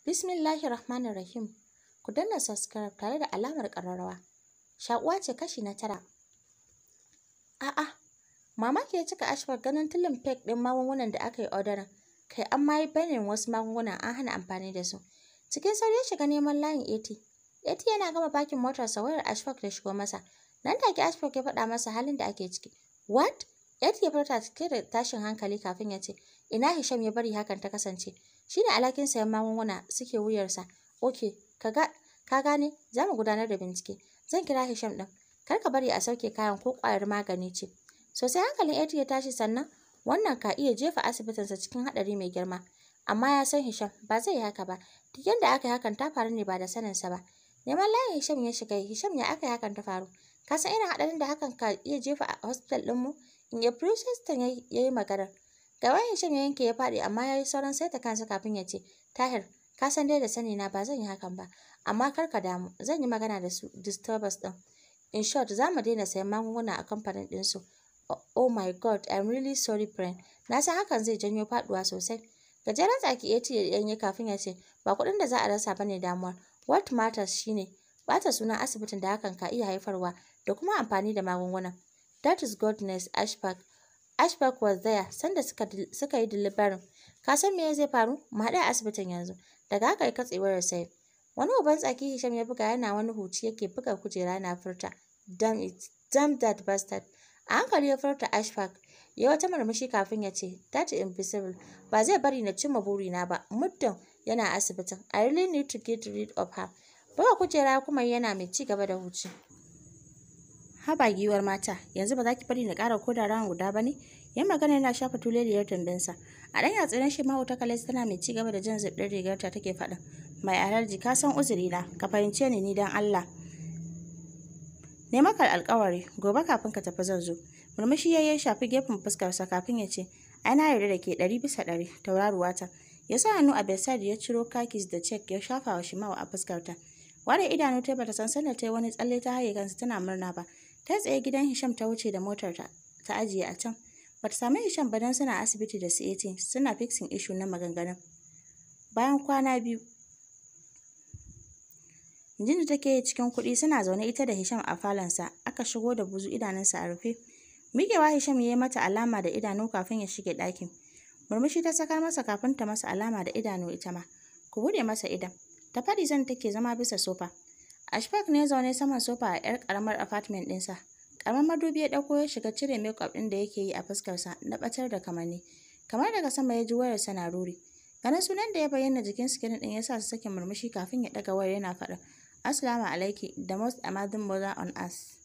Bismillahi Rahmanir Rahim. Ku danna subscribe tare da alamar ƙararrawa. Shaƙuwa ce kashi na tara. A'a, mamaki ya cika Ashfar ganin tulin fake ɗin magungunan da aka yi odarin. Kai an ma yi banin wasu magungunan an hana amfani da su. Cikin sauri ya shiga neman layin AT. AT yana gama bakin sa wayar Ashfaq da shigo masa. Nan ke Ashfaq ya faɗa masa halin da ake ciki. What? AT ya furta cike da tashin hankali kafin ya ce, Ina Hisham ya bari hakan ta kasance? Shi ne alhakin sayan magunguna suke wuyarsa. Oke, kaga ka gane za mu gudanar da bincike. Zan kira Hisham ɗin. Kar ka bari a sauke kayan ko kwayar magani ce. Sosai hankalin Eti ya tashi sannan wannan ka iya jefa sa cikin haɗari mai girma. Amma ya san Hisham ba zai yi haka ba. Duk yadda aka yi hakan ta faru ne ba da sanin sa ba. Neman layin Hisham ya shiga, Hisham ya aka yi hakan ta faru. Ka san irin hadarin da hakan ka iya jefa a hospital din mu In ya Protestant ya yi maganar. Gaba Hisham ya yanke ya faɗi amma ya yi sauran ta kansa kafin ya ce, Tahir, ka san dai da sani na ba zan yi hakan ba, amma kar ka damu, zan yi magana da su disturbers din In short, za mu daina sayan magunguna a kamfanin ɗinsu. Oh my God, I'm really sorry friend. Na san hakan zai janyo faɗuwa sosai. Gajeren tsaki ya ce yi kafin ya ce, ba kuɗin da za a rasa ba ne damuwar. What matters shine bata sunan asibitin da hakan ka iya haifarwa da kuma amfani da magungunan. That is godness ashpark Ashbrook was there sanda suka, suka yi dilibarin. kasan san me zai faru? Mu haɗu a asibitin yanzu. Daga haka ya katse wayar sai. Wani uban tsaki Hisham ya buga yana wani huci yake buga kujera na furta. Damn it, damn that bastard. A hankali ya furta Ashbrook. Ya wata murmushi kafin ya ce, "That invisible ba zai bari na cimma burina ba muddin yana asibitin. I really need to get rid of her." Buga kujera kuma yana mai ci gaba da huci. haba giwar mata yanzu ba za ki bari na ƙara koda rawan guda ba ne yan magana yana shafa tule da tuleliyar tumbinsa a ɗan tsirin shi ta kalais tana mai ci gaba da jan zubɗin rigarta take faɗin mai alarji ka san na ka fahimce ni ni dan allah nemakar maka alkawari gobe kafin ka tafi zan zo murmushi ya yi shafi gefen fuskarsa kafin ya ce ai na yarda da ke ɗari bisa ɗari tauraruwata ya sa hannu a bedside ya ciro kakis da cek ya shafa wa shimawa a fuskarta ware idanu ta bata san sanar ta wani tsalle ta haye kansa tana murna ba ta tsaye gidan hisham ta wuce da motar ta ajiye a can ba ta sami hisham ba don suna asibiti da su suna fixing issue na maganganun bayan kwana biyu Jin da take cikin kuɗi suna zaune ita da Hisham a falonsa, aka shigo da buzu idanunsa a rufe. mikewa Hisham ya yi mata alama da idanu kafin ya shige ɗakin. Murmushi ta saka masa kafin ta masa alama da idanu ita ma. Ku buɗe masa idan. Ta faɗi zan take zama bisa sofa. Ashfaq ne zaune saman sofa a ƴar ƙaramar apartment ɗinsa. Ƙaramar madubi ya ɗauko ya shiga cire makeup ɗin da yake yi a fuskarsa na ɓatar da kamanni. Kamar daga sama ya ji wayarsa na ruri. Ganin sunan da ya bayyana jikin sikirin ɗin ya sa su sake murmushi kafin ya ɗaga wayar yana faɗa. Assalamu alaiki, the most amazing mother on earth.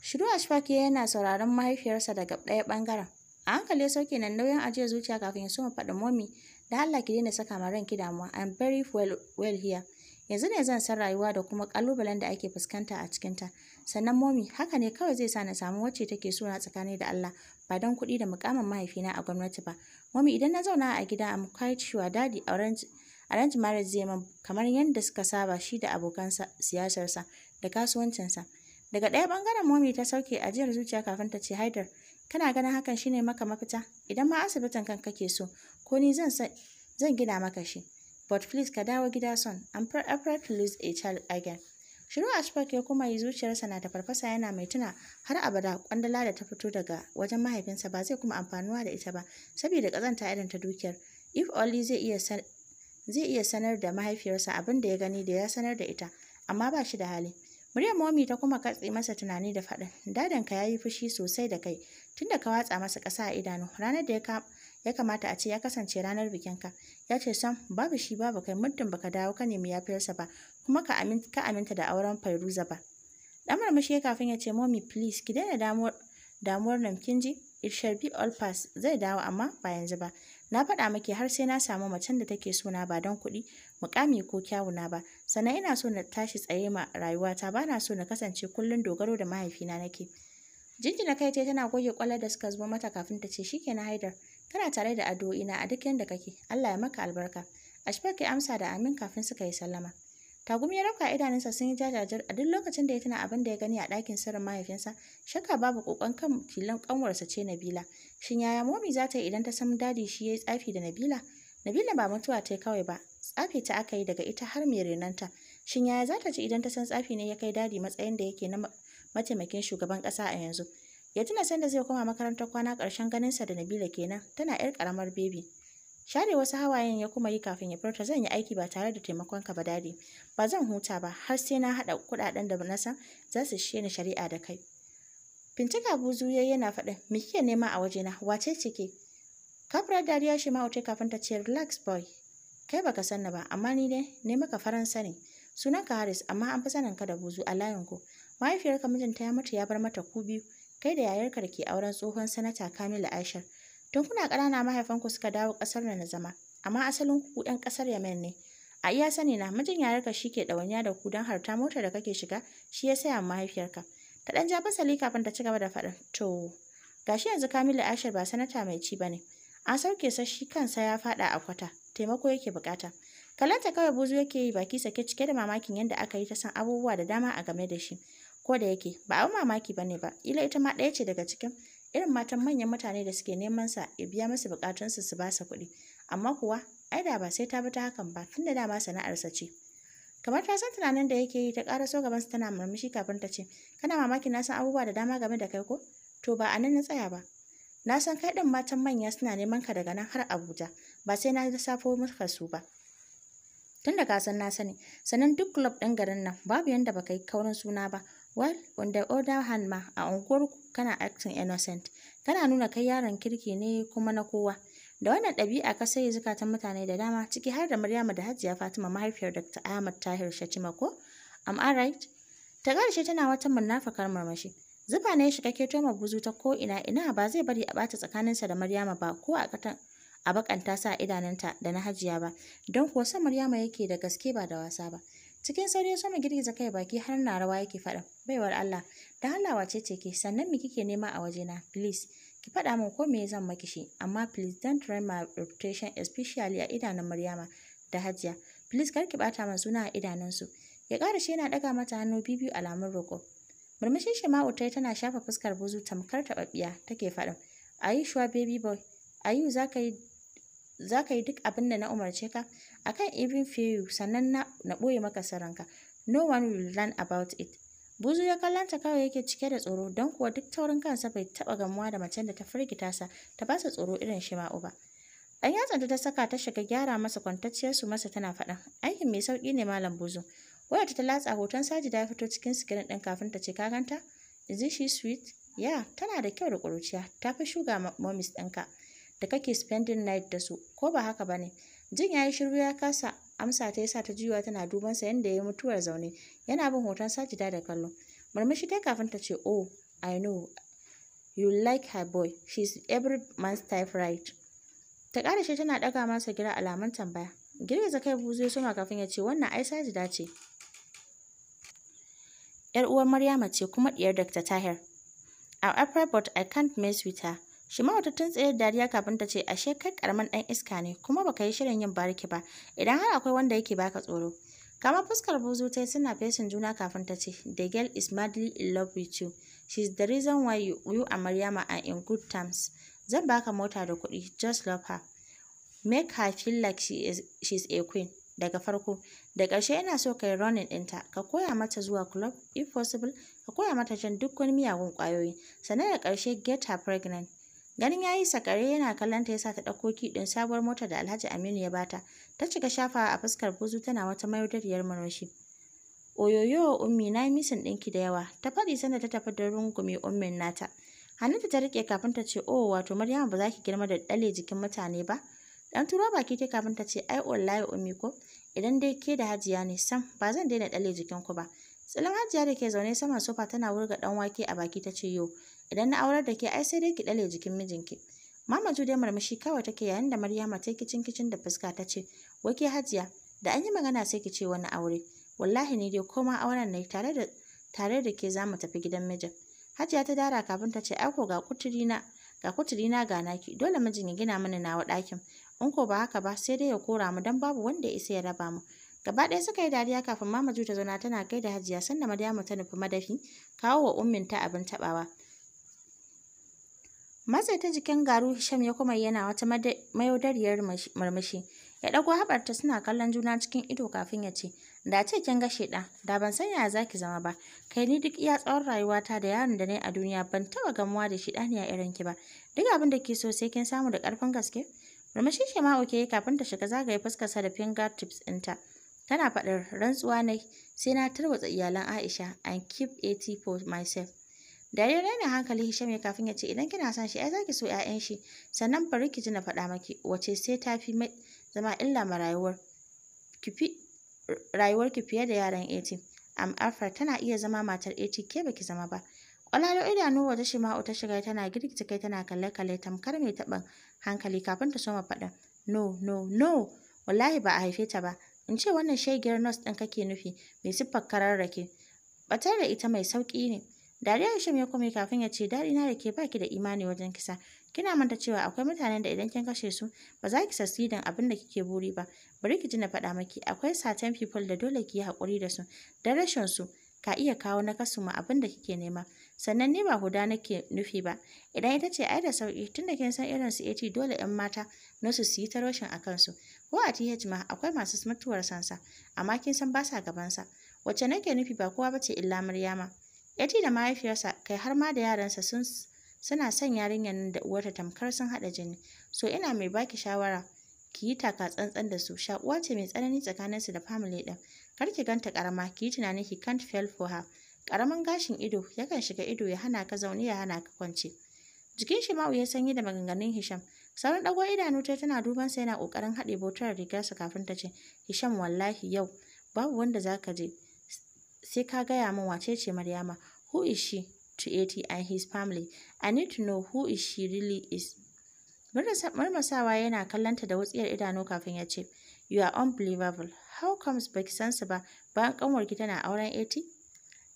Shiru Ashfaq yana sauraron mahaifiyarsa daga ɗaya ɓangaren. A hankali ya sauke nan nauyin ajiyar zuciya kafin ya soma faɗin momi da Allah ki daina saka ma ranki damuwa. I'm very well, well here. yanzu ne zan san rayuwa da kuma kalubalen da ake fuskanta a cikinta sannan momi haka ne kawai zai sa na samu wacce take so na tsakani da Allah ba don kuɗi da mukamin mahaifina a gwamnati ba momi idan na zauna a gida am quite sure daddy orange arrange marriage zai man kamar yadda suka saba shi da abokan siyasarsa da kasuwancinsa daga ɗaya bangaren momi ta sauke ajiyar zuciya kafin ta ce haidar kana ganin hakan shine maka mafita idan ma asibitin kan kake so ko ni zan gina maka shi But please ka dawo gida son. I'm afraid to lose a child again. Shiru a Ashfaq ya kuma yi zuciyarsa na ta farfasa yana mai tuna har abada kwandala da ta fito daga wajen mahaifinsa ba zai kuma amfanuwa da ita ba saboda kazanta irin ta dukiyar. If only zai iya sanar da mahaifiyarsa abin da ya gani da ya sanar da ita amma ba shi da hali. Muryar momi ta kuma katse masa tunani da faɗin. Dadanka ya yi fushi sosai da kai tunda ka watsa masa ƙasa a idanu ranar da ya ya kamata a ce ya kasance ranar bikinka ya ce sam babu shi babu kai muddin baka dawo ka nemi yafiyarsa ba kuma ka aminta da auren Fairuza ba dan murmushi ya kafin ya ce mommy please ki daina damuwar damuwar nan kin ji it shall be all pass zai dawo amma ba yanzu ba na faɗa miki har sai na samu macen da take so na ba don kuɗi mukami ko kyawuna ba sannan ina so na tashi tsaye ma rayuwata ba na so na kasance kullum dogaro da mahaifina nake jinjina kai tana goge kwalar da suka zuba mata kafin ta ce na haidar Kana tare da addu'o'ina a duk yanda kake. Allah ya maka albarka. Ashfaq ya amsa da amin kafin suka yi sallama. Tagumi ya idanunsa sun yi jajajar. a duk lokacin da ya tuna abin da ya gani a ɗakin sirrin mahaifinsa. Shakka babu kokon kan filan kanwarsa ce Nabila. Shin yaya momi za ta yi idan ta san dadi shi ya yi tsafi da Nabila? Nabila ba mutuwa ta kawai ba, tsafi ta aka yi daga ita har mai renanta. Shin yaya za ta ci idan ta san tsafi ne ya kai dadi matsayin da yake na mataimakin shugaban ƙasa a yanzu? ya tuna sanda zai koma makarantar kwana ƙarshen sa da Nabila kenan tana 'yar karamar bebi. Share wasu hawayen ya kuma yi kafin ya furta zan yi aiki ba tare da taimakon ka ba dadi. Ba zan huta ba har sai na haɗa kuɗaɗen da na san za su shi ni shari'a da kai. Bincika buzu ya yana faɗin me kike nema a na wace ce ke? Kafirar dariya shi ma wuce kafin ta ce relax boy. Kai baka san ba amma ni dai ne maka faransa ne. Sunanka Haris amma an fi sanin ka da buzu a layin ku. Mahaifiyarka mijinta ya mutu ya bar mata ku biyu. kai da yayarka da ke auren tsohon sanata Kamilu Aishar. Tun kuna ƙanana mahaifanku suka dawo ƙasar da na zama, amma asalin ku ɗan ƙasar Yemen ne. A iya sani na mijin yayarka shi ke ɗawainiya da ku don harta motar da kake shiga shi ya saya mahaifiyarka. Ta ɗan ja fasali kafin ta ci gaba da faɗin. To, gashi yanzu Kamilu Aishar ba sanata mai ci ba ne. An sauke sa shi kansa ya faɗa a kwata, taimako yake buƙata. Kalanta kawai buzu yake yi baki sake cike da mamakin yadda aka yi ta san abubuwa da dama a game da shi. Ko da yake ba abin mamaki bane ba, ila ita ma ɗaya ce daga cikin irin matan manyan mutane da suke neman sa ya biya musu buƙatunsu su ba sa kuɗi. Amma kuwa ai da ba sai ta bi ta hakan ba tunda dama sa ce. Kamar ta san tunanin da yake yi ta kara sa tana murmushi kafin ta ce, Kana mamaki na san abubuwa da dama game da kai ko? To ba a nan na tsaya ba. Na san kai ɗin matan manya suna neman ka daga nan har Abuja, ba sai na safo maka su ba. tunda ka san na sani, sannan duk club ɗin garin nan babu yanda baka yi kaurin suna ba, Well, on the other hand ma a unguwarku kana acting innocent. Kana nuna kai yaron kirki ne kuma na kowa. Da wannan ɗabi'a ka sai zukatan mutane da dama ciki har da Maryama da Hajiya Fatima mahaifiyar Dr. Ahmad Tahir Shatima ko? Am I right? Ta ƙarshe tana wata munafakar marmashi Zufa ne shi kake toma buzu ta ko ina ina ba zai bari a bata tsakaninsa da Maryama ba ko a katan a bakanta sa idanunta da na Hajiya ba. Don kuwa sa Maryama yake da gaske ba da wasa ba. cikin sauri ya girgiza kai baki har na rawa yake faɗa baiwar Allah da Allah wace ce ke sannan me kike nema a wajena please ki faɗa min ko me zan maki shi amma please don't ruin my reputation especially a idanun Maryama da Hajiya please kar ki bata min suna a idanunsu ya ƙara shi yana ɗaga mata hannu bibiyu alamun roƙo murmushin ma utai tana shafa fuskar buzu tamkar taɓaɓɓiya take faɗin ayi shuwa baby boy ayu za ka yi duk abin da na umarce ka akan even few sannan na na boye maka saranka no one will learn about it buzu ya kallanta kawai yake cike da tsoro don kuwa duk taurin kansa bai taba gamuwa da macen da ta firgita sa ta ba sa tsoro irin shi ma uba ɗan tsanta ta saka ta shiga gyara masa kwantacciyar su masa tana faɗa aikin mai sauki ne malam buzu wayarta ta latsa hoton saji da ya fito cikin screen din kafin ta ce ka ganta is she sweet ya tana da kyau da kuruciya ta fi shuga momis ɗinka da kake spending night da su ko ba haka bane ne Jin ya yi shiru ya kasa amsa ta yasa ta juya tana duban sa yanda ya mutuwar zaune yana bin hoton sajida da kallo murmushi ta kafin ta ce oh i know you like her boy she's every man's type right ta shi tana ɗaga masa gira alaman tambaya girgiza kai buzu ya soma kafin ya ce wannan ai sajida ce yar uwar maryama ce kuma diyar dr tahir A afraid i can't mess with her Shima'u ta tsayar dariya kafin ta ce ashe kai karamin dan iska ne kuma baka yi shirin yin bariki ba idan har akwai wanda yake baka tsoro. Kama fuskar buzu ta suna fesin juna kafin ta ce the girl is madly in love with you. is the reason why you, you and Maryama are in good terms. Zan baka mota da kuɗi just love her. Make her feel like she is a queen. daga farko da karshe yana so ka yi running ɗinta ka koya mata zuwa club if possible ka koya mata jan duk wani miyagun kwayoyi. sannan da karshe get her pregnant Ganin ya yi sakare yana kallon ta yasa ta ɗauko kiɗin sabuwar mota da Alhaji Aminu ya bata. Ta cika shafa a fuskar buzu tana wata mayudariyar murmushi. Oyoyo ummi na yi misin ɗinki da yawa. Ta faɗi sanda ta tafi da rungume ummin nata. Hannunta ta riƙe kafin ta ce oh wato Maryam ba za ki girma da ɗale jikin mutane ba. Dan turo baki ta kafin ta ce ai wallahi ummi ko idan dai ke da hajiya ne sam ba zan daina ɗale jikin ku ba. Tsalin hajiya da ke zaune saman sofa tana wurga ɗan wake a baki ta ce yo idan na aurar da ke ai sai dai ki ɗale jikin mijinki mama jude marmashi kawai take yayin da maryama ta kicin kicin da fuska ta ce wake hajiya da an yi magana sai ki ce wani aure wallahi ni dai koma auren ne tare da tare da ke za mu tafi gidan mijin hajiya ta dara kafin ta ce ai ko ga kuturina ga na ga naki dole mijin ya gina mana nawa ɗakin in ko ba haka ba sai dai ya kora mu dan babu wanda ya isa ya raba mu gaba ɗaya suka yi dariya kafin mama jude ta zauna tana kai da hajiya sannan maryama ta nufi madafi kawo wa ummin ta abin taɓawa Matsa ta jikin garu Hisham ya kuma yana wata mayaudariyar murmushi. Ya ɗago haɓarta suna kallon juna cikin ido kafin ya ce, Da ce kin gashe ɗa, da ban san yaya zaki zama ba. Kai ni duk iya tsawon rayuwata da yaron da na a duniya ban taɓa gamuwa da shi ɗaniya irin ki ba. Duk abin da ke so sai kin samu da ƙarfin gaske. Murmushin shi ma yi kafin ta shiga zagaye fuskarsa da finger tips ɗinta. Tana faɗin rantsuwa ne sai na tarwatsa iyalan Aisha and keep 80 for myself. da ya raina hankali Hisham ya kafin ya ce idan kina son shi ai zaki so ƴaƴan shi sannan bari ki ji na faɗa maki wace sai ta fi zama illa ma rayuwar ki fi rayuwar ki fiye da yaran eti. am afar tana iya zama matar eti, ke baki zama ba Ƙwalalo idanu wata Shima'u ta shiga tana girgita kai tana kalle-kalle tamkar mai taɓa hankali kafin ta soma faɗa. No, no, no, wallahi ba a haife ta ba. In ce wannan shegiyar nurse ɗin kake nufi mai siffar kararrake Batar da ita mai sauƙi ne. Dariya Hisham ya kome kafin ya ce dadi na da ke baki da imani wajen kisa. Kina manta cewa akwai mutanen da idan kin kashe su ba za ki dan abin da kike buri ba. Bari ki ji na faɗa maki akwai certain people da dole ki yi haƙuri da su. dan rashin su ka iya kawo na kasu ma abin da kike nema. Sannan ne ba huda nake nufi ba. Idan ita ce ai da sauki tunda kin san irin su at dole 'yan mata na su yi ta roshin a kansu. Ko a TH ma akwai masu mutuwar sansa amma kin san ba sa gabansa. Wacce nake nufi ba kowa bace illa Maryama. Ya ce da mahaifiyarsa kai har ma da yaransa sun suna son yarinyar nan da uwarta tamkar sun haɗa jini. So ina mai baki shawara ki yi taka tsantsan da su. Shaƙuwa ce mai tsanani tsakaninsu da family ɗin. Kar ki ganta ƙarama ki yi tunanin ki can't fail for her. Ƙaramin gashin ido yakan shiga ido ya hana ka zaune ya hana ka kwance. Jikin Shima'u ya sanyi da maganganun Hisham. Sauran ɗago idanu ta tana duban sa yana ƙoƙarin haɗe botar rigarsa kafin ta ce, Hisham wallahi yau babu wanda za ka je. sai ka gaya min wace ce Maryama. Who is she to Eti and his family? I need to know who is she really is. Murmusawa yana kallanta da wutsiyar idanu kafin ya ce, You are unbelievable. How comes baki san ba bayan ki tana auren Eti?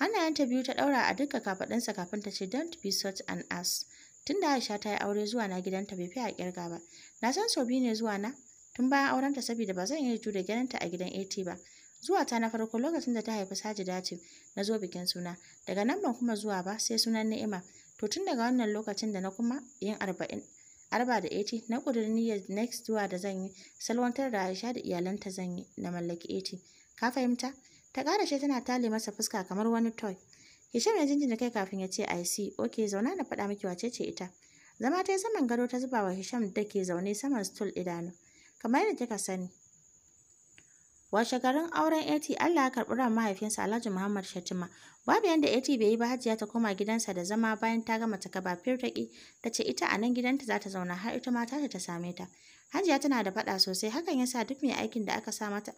Hannayenta biyu ta daura a duka kafaɗinsa kafin ta ce, Don't be such an ass. Tun da Aisha ta yi aure zuwa na gidanta bai fi a kirga ba. Na san sau biyu ne zuwa na, tun bayan aurenta saboda ba zan iya jure ganinta a gidan AT ba. Zuwa ta na farko lokacin da ta haifi saji dace na zo bikin suna. Daga nan ban kuma zuwa ba sai sunan Ni'ima. To tun daga wannan lokacin da na kuma yin arba'in arba da eti na ƙudiri niyyar next zuwa da zan yi salwantar da Aisha da iyalanta zan yi na mallaki eti. Ka fahimta? Ta shi tana tale masa fuska kamar wani toy. Hisham ya jinjina kai kafin ya ce I see. ok zauna na faɗa miki wace ce ita. Zama ta yi saman gado ta zuba wa Hisham da ke zaune saman stool idanu. Kamar yadda kika sani, Washe garin auren Eti Allah ya karɓi ran mahaifinsa Alhaji Muhammad Shatima. Babu yanda Eti bai yi ba Hajiya ta koma gidansa da zama bayan ta gama ta gaba firtaki ta ce ita a nan gidanta za ta zauna har ita mata ta same ta. Hajiya tana da faɗa sosai hakan ya sa duk mai aikin da aka sa mata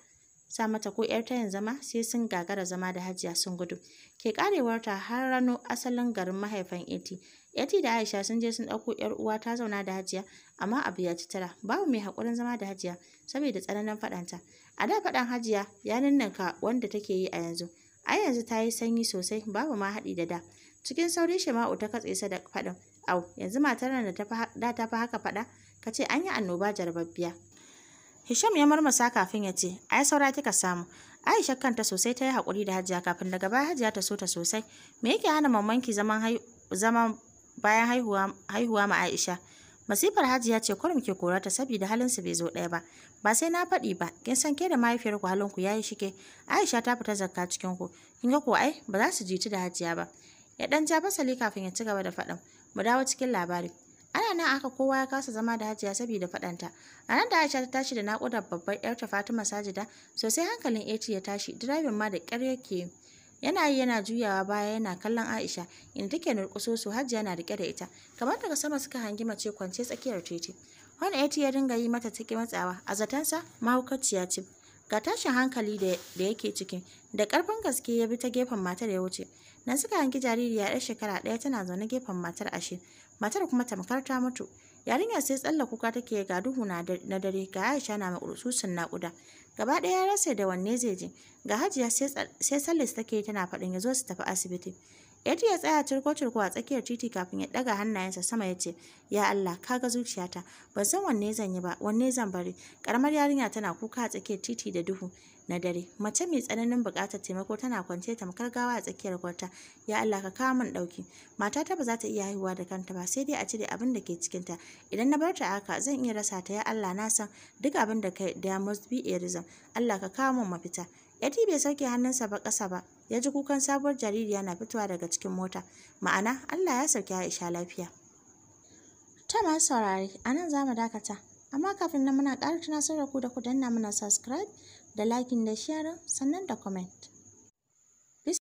sa mata ko ‘yar tayin zama sai sun gagara zama da hajiya sun gudu. Ke karewar har rano asalin garin mahaifan Eti. Yati da Aisha sun je sun ɗauko ‘yar uwa ta zauna da Hajiya, amma abu ya ci tara, babu mai haƙurin zama da Hajiya saboda tsananin faɗanta. A da faɗan Hajiya ya ninninka wanda take yi a yanzu. A yanzu ta yi sanyi sosai, babu ma haɗi da da. Cikin sauri Shema'u ta katse sa da faɗin, au, yanzu matar nan da ta fi haka faɗa, kace ce an yi annoba jarababbiya. Hisham ya marmasa kafin ya ce, ai saura kika samu. Aisha kanta sosai ta yi haƙuri da Hajiya kafin daga baya Hajiya ta so ta sosai. Me yake hana mamanki zaman zaman bayan haihuwa, ma Aisha. Masifar Hajiya ce kurum ke korata saboda halinsu bai zo ɗaya ba. Ba sai na faɗi ba, kin san ke da mahaifiyarku halinku ya yi shike. Aisha ta fita zakka cikin ku. Kin ga ko ai ba za su ta da Hajiya ba. Ya ɗan ja fasali kafin ya ci gaba da faɗan. Mu dawo cikin labari. Ana nan aka kowa ya kasa zama da Hajiya saboda faɗanta. A nan da Aisha ta tashi da naƙudar babbar 'yarta Fatima Sajida sosai hankalin Eti ya tashi, direbin ma da ƙyar yake yi. Yana yi yana juyawa baya yana kallon Aisha inda take su Hajiya yana rike da ita. Kamar daga sama suka hangi mace kwance tsakiyar titi. Wani eti ya dinga yi mata take matsawa a zatansa mahaukaciya ce. Ga tashin hankali da yake ciki da karfin gaske ya bi ta gefen matar ya wuce. Nan suka hangi jaririya 'yar shekara ɗaya tana zaune gefen matar ashe. Matar kuma tamkar ta mutu. yarinyar sai tsalla kuka take ga duhu na dare ga aisha na makursusun naƙuda gaba ɗaya ya rasa da wanne zai je ga hajiya sai sallis take tana faɗin ya zo su tafi asibiti Yadda ya tsaya turko turko a tsakiyar titi kafin ya ɗaga hannayensa sama ya ce, Ya Allah, ka kaga zuciyata, ban san wanne zan yi ba, wanne zan bari. Karamar yarinya tana kuka a tsakiyar titi da duhu. na dare mace mai tsananin buƙatar taimako tana kwance tamkar gawa a tsakiyar kwarta ya Allah ka kawo min ɗauki ta ba za ta iya haihuwa da kanta ba sai dai a cire abin da ke cikin ta idan na bar ta haka zan iya rasa ta ya Allah na san duk abin da kai da must be a reason Allah ka kawo min mafita Yadi bai sauke hannunsa ba kasa ba, ya ji kukan sabuwar jariri yana fitowa daga cikin mota. Ma'ana, Allah ya sauke Aisha lafiya. Ta ma saurari a nan za mu dakata. Amma kafin nan muna ƙara tunasar da ku da ku danna muna subscribe da liking da sharing sannan da comment.